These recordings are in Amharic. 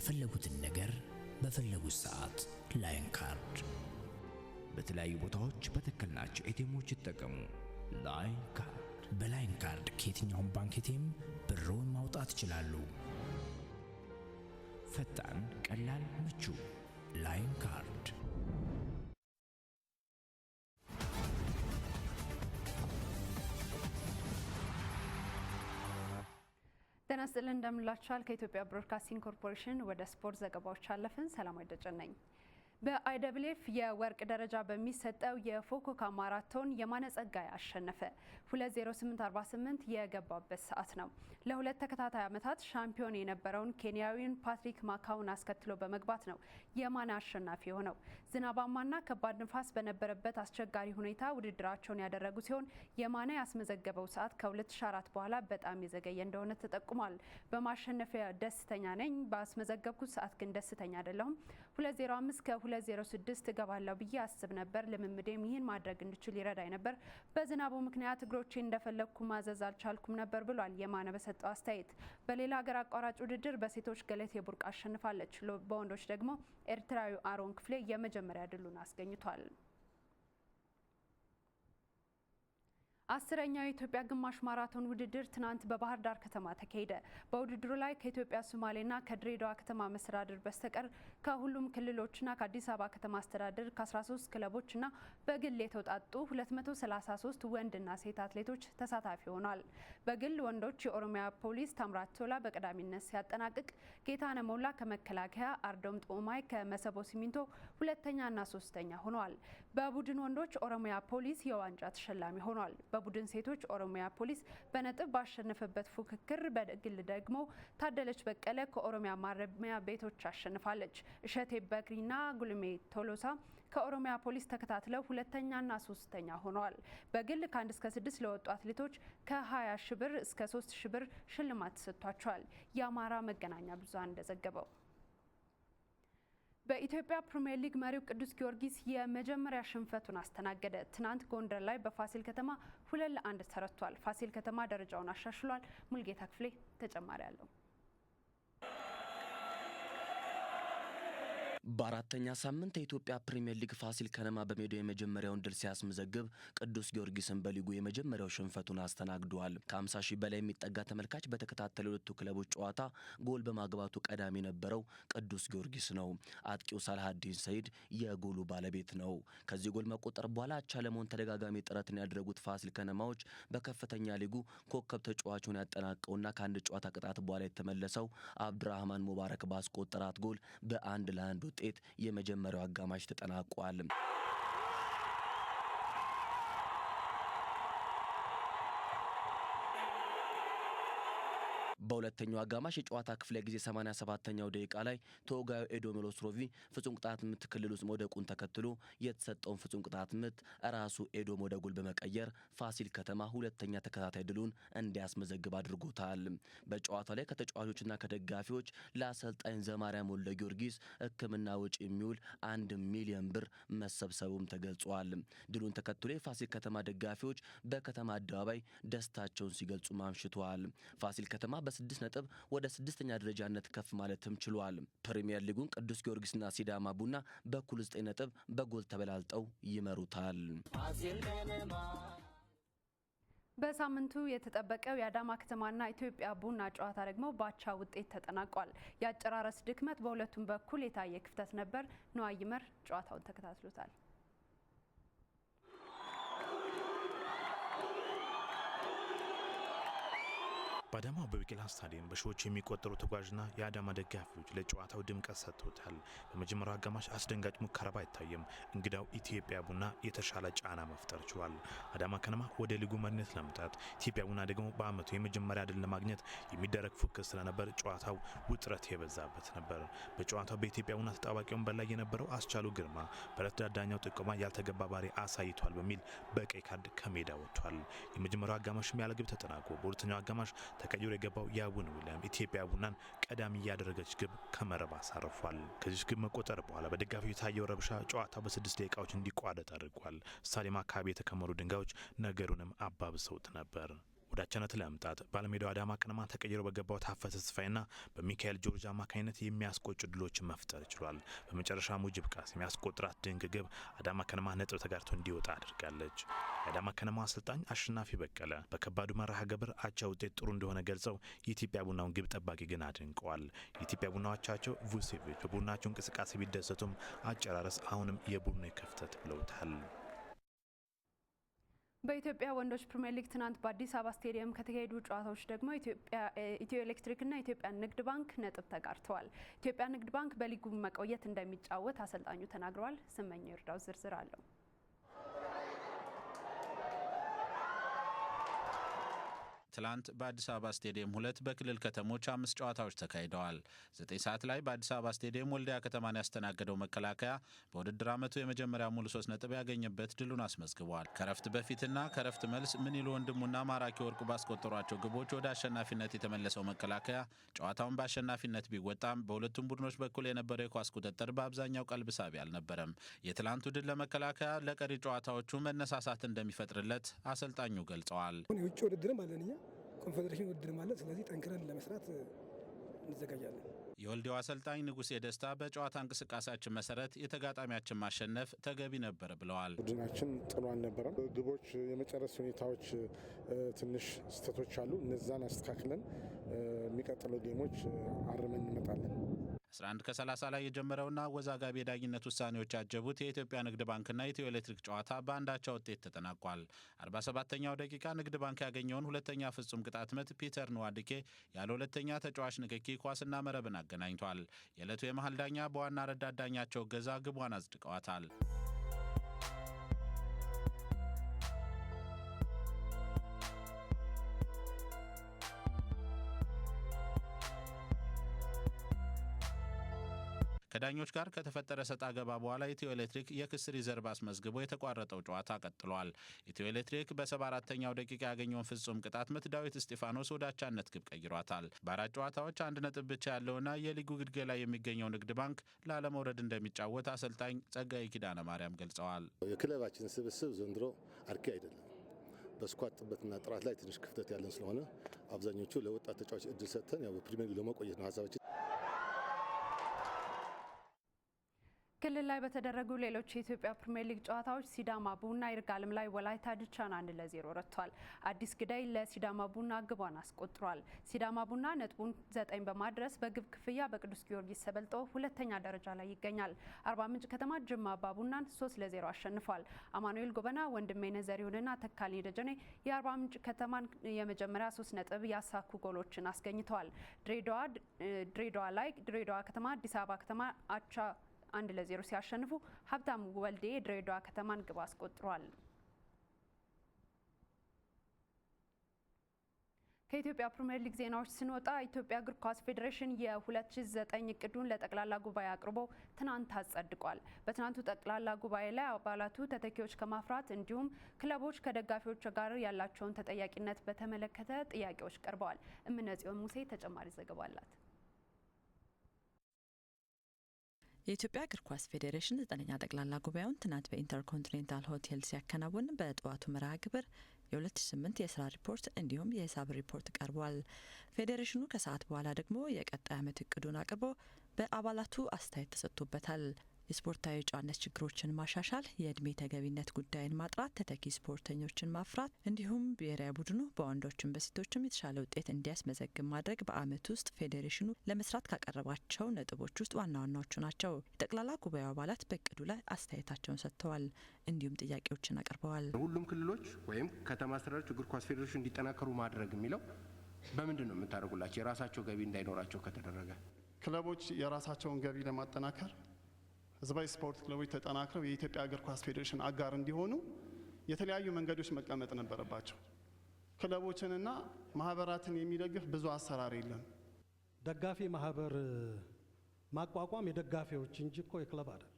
የፈለጉትን ነገር በፈለጉት ሰዓት ላይን ካርድ በተለያዩ ቦታዎች በተከልናቸው ኤቲኤሞች ይጠቀሙ። ላይን ካርድ በላይን ካርድ ከየትኛውም ባንክ ኤቲኤም ብሮን ማውጣት ይችላሉ። ፈጣን፣ ቀላል፣ ምቹ ላይን ካርድ ጤና ይስጥልን እንደምላችኋል። ከኢትዮጵያ ብሮድካስቲንግ ኮርፖሬሽን ወደ ስፖርት ዘገባዎች አለፍን። ሰላም አይደጭን ነኝ። በአይደብሌፍ የወርቅ ደረጃ በሚሰጠው የፎኮካ ማራቶን የማነ ጸጋይ አሸነፈ። 20848 የገባበት ሰዓት ነው። ለሁለት ተከታታይ ዓመታት ሻምፒዮን የነበረውን ኬንያዊን ፓትሪክ ማካውን አስከትሎ በመግባት ነው የማን አሸናፊ የሆነው። ዝናባማና ከባድ ንፋስ በነበረበት አስቸጋሪ ሁኔታ ውድድራቸውን ያደረጉ ሲሆን የማና ያስመዘገበው ሰዓት ከ2004 በኋላ በጣም የዘገየ እንደሆነ ተጠቁሟል። በማሸነፊያ ደስተኛ ነኝ፣ ባስመዘገብኩት ሰዓት ግን ደስተኛ አይደለሁም። 205 ከ206 እገባለሁ ብዬ አስብ ነበር። ልምምዴም ይህን ማድረግ እንድችል ይረዳኝ ነበር። በዝናቡ ምክንያት እግሮ ተጫዋቾቼ እንደፈለግኩ ማዘዝ አልቻልኩም ነበር ብሏል የማነ በሰጠው አስተያየት። በሌላ ሀገር አቋራጭ ውድድር በሴቶች ገለቴ ቡርቃ አሸንፋለች። በወንዶች ደግሞ ኤርትራዊ አሮን ክፍሌ የመጀመሪያ ድሉን አስገኝቷል። አስረኛው የኢትዮጵያ ግማሽ ማራቶን ውድድር ትናንት በባህር ዳር ከተማ ተካሄደ። በውድድሩ ላይ ከኢትዮጵያ ሶማሌና ከድሬዳዋ ከተማ መስተዳድር በስተቀር ከሁሉም ክልሎችና ከአዲስ አበባ ከተማ አስተዳደር ከ13 ክለቦችና በግል የተውጣጡ 233 ወንድና ሴት አትሌቶች ተሳታፊ ሆኗል። በግል ወንዶች የኦሮሚያ ፖሊስ ታምራት ቶላ በቀዳሚነት ሲያጠናቅቅ፣ ጌታነ ሞላ ከመከላከያ፣ አርዶም ጦማይ ከመሰቦ ሲሚንቶ ሁለተኛና ሶስተኛ ሆነዋል። በቡድን ወንዶች ኦሮሚያ ፖሊስ የዋንጫ ተሸላሚ ሆኗል። በቡድን ሴቶች ኦሮሚያ ፖሊስ በነጥብ ባሸነፈበት ፉክክር በግል ደግሞ ታደለች በቀለ ከኦሮሚያ ማረሚያ ቤቶች አሸንፋለች። እሸቴ በክሪና ጉልሜ ቶሎሳ ከኦሮሚያ ፖሊስ ተከታትለው ሁለተኛና ሶስተኛ ሆነዋል። በግል ከአንድ እስከ ስድስት ለወጡ አትሌቶች ከ20 ሺ ብር እስከ 3 ሺ ብር ሽልማት ተሰጥቷቸዋል። የአማራ መገናኛ ብዙሃን እንደዘገበው በኢትዮጵያ ፕሪምየር ሊግ መሪው ቅዱስ ጊዮርጊስ የመጀመሪያ ሽንፈቱን አስተናገደ። ትናንት ጎንደር ላይ በፋሲል ከተማ ሁለት ለአንድ ተረቷል። ፋሲል ከተማ ደረጃውን አሻሽሏል። ሙልጌታ ክፍሌ ተጨማሪ አለው። በአራተኛ ሳምንት የኢትዮጵያ ፕሪምየር ሊግ ፋሲል ከነማ በሜዳው የመጀመሪያውን ድል ሲያስመዘግብ ቅዱስ ጊዮርጊስን በሊጉ የመጀመሪያው ሽንፈቱን አስተናግዷል። ከ50 ሺህ በላይ የሚጠጋ ተመልካች በተከታተለ ሁለቱ ክለቦች ጨዋታ ጎል በማግባቱ ቀዳሚ የነበረው ቅዱስ ጊዮርጊስ ነው። አጥቂው ሳልሃዲን ሰይድ የጎሉ ባለቤት ነው። ከዚህ ጎል መቆጠር በኋላ አቻ ለመሆን ተደጋጋሚ ጥረትን ያደረጉት ፋሲል ከነማዎች በከፍተኛ ሊጉ ኮከብ ተጫዋቹን ያጠናቀውና ከአንድ ጨዋታ ቅጣት በኋላ የተመለሰው አብድራህማን ሙባረክ ባስቆጠራት ጎል በአንድ ለአንዱ ውጤት የመጀመሪያው አጋማሽ ተጠናቋል። በሁለተኛው አጋማሽ የጨዋታ ክፍለ ጊዜ 87ኛው ደቂቃ ላይ ተወጋዩ ኤዶ ሜሎስሮቪ ፍጹም ቅጣት ምት ክልል ውስጥ መውደቁን ተከትሎ የተሰጠውን ፍጹም ቅጣት ምት ራሱ ኤዶ ወደ ጎል በመቀየር ፋሲል ከተማ ሁለተኛ ተከታታይ ድሉን እንዲያስመዘግብ አድርጎታል። በጨዋታው ላይ ከተጫዋቾችና ከደጋፊዎች ለአሰልጣኝ ዘማርያም ወልደ ጊዮርጊስ ሕክምና ወጪ የሚውል አንድ ሚሊዮን ብር መሰብሰቡም ተገልጿል። ድሉን ተከትሎ የፋሲል ከተማ ደጋፊዎች በከተማ አደባባይ ደስታቸውን ሲገልጹ ማምሽተዋል። ፋሲል ከተማ በ ስድስት ነጥብ ወደ ስድስተኛ ደረጃነት ከፍ ማለትም ችሏል። ፕሪምየር ሊጉን ቅዱስ ጊዮርጊስና ሲዳማ ቡና በኩል 9 ነጥብ በጎል ተበላልጠው ይመሩታል። በሳምንቱ የተጠበቀው የአዳማ ከተማና ኢትዮጵያ ቡና ጨዋታ ደግሞ በአቻ ውጤት ተጠናቋል። የአጨራረስ ድክመት በሁለቱም በኩል የታየ ክፍተት ነበር። ነዋይመር ይመር ጨዋታውን ተከታትሎታል። በአዳማ በቢቂላ ስታዲየም በሺዎች የሚቆጠሩ ተጓዥና የአዳማ ደጋፊዎች ለጨዋታው ድምቀት ሰጥቶታል። በመጀመሪያው አጋማሽ አስደንጋጭ ሙከራ ባይታየም እንግዳው ኢትዮጵያ ቡና የተሻለ ጫና መፍጠር ችሏል። አዳማ ከነማ ወደ ሊጉ መሪነት ለመምጣት፣ ኢትዮጵያ ቡና ደግሞ በአመቱ የመጀመሪያ ድል ለማግኘት የሚደረግ ፉክክር ስለነበር ጨዋታው ውጥረት የበዛበት ነበር። በጨዋታው በኢትዮጵያ ቡና ተጣባቂ ወንበር ላይ የነበረው አስቻሉ ግርማ በረዳት ዳኛው ጥቆማ ያልተገባ ባህሪ አሳይቷል በሚል በቀይ ካርድ ከሜዳ ወጥቷል። የመጀመሪያው አጋማሽም ያለ ተጠናቆ በሁለተኛው አጋማሽ ተቀይሮ የገባው ያቡን ዊሊያም ኢትዮጵያ ቡናን ቀዳሚ እያደረገች ግብ ከመረብ አሳርፏል። ከዚች ግብ መቆጠር በኋላ በደጋፊ የታየው ረብሻ ጨዋታው በስድስት ደቂቃዎች እንዲቋረጥ አድርጓል። ስታዲየም አካባቢ የተከመሩ ድንጋዮች ነገሩንም አባብሰውት ነበር። ወዳቻነት ለመምጣት ባለሜዳው አዳማ ከነማ ተቀይሮ በገባው ታፈተ ተስፋዬና በሚካኤል ጆርጅ አማካኝነት የሚያስቆጭ ድሎችን መፍጠር ችሏል። በመጨረሻ ሙጅብ ቃሲም ያስቆጥራት ድንቅ ግብ አዳማ ከነማ ነጥብ ተጋርቶ እንዲወጣ አድርጋለች። የአዳማ ከነማ አሰልጣኝ አሸናፊ በቀለ በከባዱ መርሃ ግብር አቻ ውጤት ጥሩ እንደሆነ ገልጸው የኢትዮጵያ ቡናውን ግብ ጠባቂ ግን አድንቀዋል። የኢትዮጵያ ቡናዎቻቸው vucevic በቡናቸው እንቅስቃሴ ቢደሰቱም አጨራረስ አሁንም የቡድኑ ክፍተት ብለውታል። በኢትዮጵያ ወንዶች ፕሪምየር ሊግ ትናንት በአዲስ አበባ ስቴዲየም ከተካሄዱ ጨዋታዎች ደግሞ ኢትዮ ኤሌክትሪክና ኢትዮጵያ ንግድ ባንክ ነጥብ ተጋርተዋል። ኢትዮጵያ ንግድ ባንክ በሊጉ መቆየት እንደሚጫወት አሰልጣኙ ተናግረዋል። ስመኝ ይርዳው ዝርዝር አለው። ትላንት በአዲስ አበባ ስቴዲየም ሁለት በክልል ከተሞች አምስት ጨዋታዎች ተካሂደዋል። ዘጠኝ ሰዓት ላይ በአዲስ አበባ ስቴዲየም ወልዲያ ከተማን ያስተናገደው መከላከያ በውድድር ዓመቱ የመጀመሪያ ሙሉ ሶስት ነጥብ ያገኘበት ድሉን አስመዝግቧል። ከረፍት በፊትና ከረፍት መልስ ይሉ ወንድሙና ማራኪ ወርቁ ባስቆጠሯቸው ግቦች ወደ አሸናፊነት የተመለሰው መከላከያ ጨዋታውን በአሸናፊነት ቢወጣም በሁለቱም ቡድኖች በኩል የነበረው የኳስ ቁጥጥር በአብዛኛው ቀልብ ሳቢ አልነበረም። የትላንቱ ድል ለመከላከያ ለቀሪ ጨዋታዎቹ መነሳሳት እንደሚፈጥርለት አሰልጣኙ ገልጸዋል። የውጭ ውድድርም አለን ኮንፌዴሬሽን ውድድር ማለት ስለዚህ ጠንክረን ለመስራት እንዘጋጃለን። የወልዲው አሰልጣኝ ንጉሴ ደስታ በጨዋታ እንቅስቃሴያችን መሰረት የተጋጣሚያችን ማሸነፍ ተገቢ ነበር ብለዋል። ቡድናችን ጥሩ አልነበረም። ግቦች የመጨረስ ሁኔታዎች ትንሽ ስህተቶች አሉ። እነዛን አስተካክለን የሚቀጥለው ጌሞች አርመን እንመጣለን። 11 ከ30 ላይ የጀመረውና አወዛጋቢ የዳኝነት ውሳኔዎች ያጀቡት የኢትዮጵያ ንግድ ባንክና ኢትዮ ኤሌክትሪክ ጨዋታ በአንዳቻ ውጤት ተጠናቋል። 47ኛው ደቂቃ ንግድ ባንክ ያገኘውን ሁለተኛ ፍጹም ቅጣት ምት ፒተር ንዋድኬ ያለ ሁለተኛ ተጫዋች ንክኪ ኳስና መረብን አገናኝቷል። የዕለቱ የመሃል ዳኛ በዋና ረዳት ዳኛቸው እገዛ ግቧን አጽድቀዋታል። ከዳኞች ጋር ከተፈጠረ ሰጣ ገባ በኋላ ኢትዮ ኤሌክትሪክ የክስ ሪዘርቭ አስመዝግቦ የተቋረጠው ጨዋታ ቀጥሏል። ኢትዮ ኤሌክትሪክ በሰባ አራተኛው ደቂቃ ያገኘውን ፍጹም ቅጣት ምት ዳዊት እስጢፋኖስ ወደ አቻነት ግብ ቀይሯታል። በአራት ጨዋታዎች አንድ ነጥብ ብቻ ያለውና የሊጉ ግድጌ ላይ የሚገኘው ንግድ ባንክ ላለመውረድ እንደሚጫወት አሰልጣኝ ጸጋይ ኪዳነ ማርያም ገልጸዋል። የክለባችን ስብስብ ዘንድሮ አርኪ አይደለም። በስኳድ ጥበትና ጥራት ላይ ትንሽ ክፍተት ያለን ስለሆነ አብዛኞቹ ለወጣት ተጫዋች እድል ሰጥተን ያው በፕሪሚየር ሊግ ለመቆየት ነው ሀሳባችን። ክልል ላይ በተደረጉ ሌሎች የኢትዮጵያ ፕሪምየር ሊግ ጨዋታዎች ሲዳማ ቡና ይርጋለም ላይ ወላይታ ድቻን አንድ ለዜሮ ረቷል። አዲስ ግዳይ ለሲዳማ ቡና ግቧን አስቆጥሯል። ሲዳማ ቡና ነጥቡን ዘጠኝ በማድረስ በግብ ክፍያ በቅዱስ ጊዮርጊስ ተበልጦ ሁለተኛ ደረጃ ላይ ይገኛል። አርባ ምንጭ ከተማ ጅማ አባ ቡናን ሶስት ለዜሮ አሸንፏል። አማኑኤል ጎበና፣ ወንድሜ ነዘሪሁንና ተካልኝ ደጀኔ የአርባ ምንጭ ከተማን የመጀመሪያ ሶስት ነጥብ ያሳኩ ጎሎችን አስገኝተዋል። ድሬዳዋ ላይ ድሬዳዋ ከተማ አዲስ አበባ ከተማ አቻ አንድ ለዜሮ ሲያሸንፉ ሀብታሙ ወልዴ የድሬዳዋ ከተማን ግብ አስቆጥሯል። ከኢትዮጵያ ፕሪምየር ሊግ ዜናዎች ስንወጣ ኢትዮጵያ እግር ኳስ ፌዴሬሽን የ2009 እቅዱን ለጠቅላላ ጉባኤ አቅርቦ ትናንት አጸድቋል። በትናንቱ ጠቅላላ ጉባኤ ላይ አባላቱ ተተኪዎች ከማፍራት እንዲሁም ክለቦች ከደጋፊዎች ጋር ያላቸውን ተጠያቂነት በተመለከተ ጥያቄዎች ቀርበዋል። እምነጽዮን ሙሴ ተጨማሪ ዘገባ አላት። የኢትዮጵያ እግር ኳስ ፌዴሬሽን ዘጠነኛ ጠቅላላ ጉባኤውን ትናንት በኢንተርኮንቲኔንታል ሆቴል ሲያከናውን በጠዋቱ መርሃ ግብር የ2008 የስራ ሪፖርት እንዲሁም የሂሳብ ሪፖርት ቀርቧል። ፌዴሬሽኑ ከሰዓት በኋላ ደግሞ የቀጣይ ዓመት እቅዱን አቅርቦ በአባላቱ አስተያየት ተሰጥቶበታል። የስፖርታዊ ጨዋነት ችግሮችን ማሻሻል፣ የእድሜ ተገቢነት ጉዳይን ማጥራት፣ ተተኪ ስፖርተኞችን ማፍራት እንዲሁም ብሔራዊ ቡድኑ በወንዶችም በሴቶችም የተሻለ ውጤት እንዲያስመዘግብ ማድረግ በአመት ውስጥ ፌዴሬሽኑ ለመስራት ካቀረባቸው ነጥቦች ውስጥ ዋና ዋናዎቹ ናቸው። የጠቅላላ ጉባኤው አባላት በእቅዱ ላይ አስተያየታቸውን ሰጥተዋል። እንዲሁም ጥያቄዎችን አቅርበዋል። ሁሉም ክልሎች ወይም ከተማ አስተዳደሮች እግር ኳስ ፌዴሬሽን እንዲጠናከሩ ማድረግ የሚለው በምንድን ነው የምታደርጉላቸው? የራሳቸው ገቢ እንዳይኖራቸው ከተደረገ ክለቦች የራሳቸውን ገቢ ለማጠናከር ህዝባዊ ስፖርት ክለቦች ተጠናክረው የኢትዮጵያ እግር ኳስ ፌዴሬሽን አጋር እንዲሆኑ የተለያዩ መንገዶች መቀመጥ ነበረባቸው። ክለቦችንና ማህበራትን የሚደግፍ ብዙ አሰራር የለም። ደጋፊ ማህበር ማቋቋም የደጋፊዎች እንጂ እኮ የክለብ አይደለም።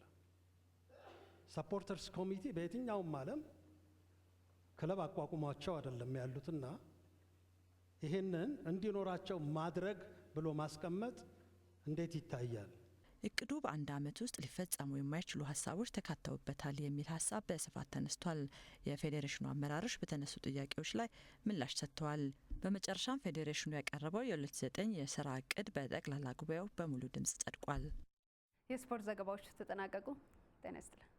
ሰፖርተርስ ኮሚቲ በየትኛውም ዓለም ክለብ አቋቁሟቸው አይደለም ያሉትና ይህንን እንዲኖራቸው ማድረግ ብሎ ማስቀመጥ እንዴት ይታያል? እቅዱ በአንድ ዓመት ውስጥ ሊፈጸሙ የማይችሉ ሀሳቦች ተካተውበታል የሚል ሀሳብ በስፋት ተነስቷል። የፌዴሬሽኑ አመራሮች በተነሱ ጥያቄዎች ላይ ምላሽ ሰጥተዋል። በመጨረሻም ፌዴሬሽኑ ያቀረበው የ2009 የስራ እቅድ በጠቅላላ ጉባኤው በሙሉ ድምጽ ጸድቋል። የስፖርት ዘገባዎች ተጠናቀቁ። ጤና ይስጥልን።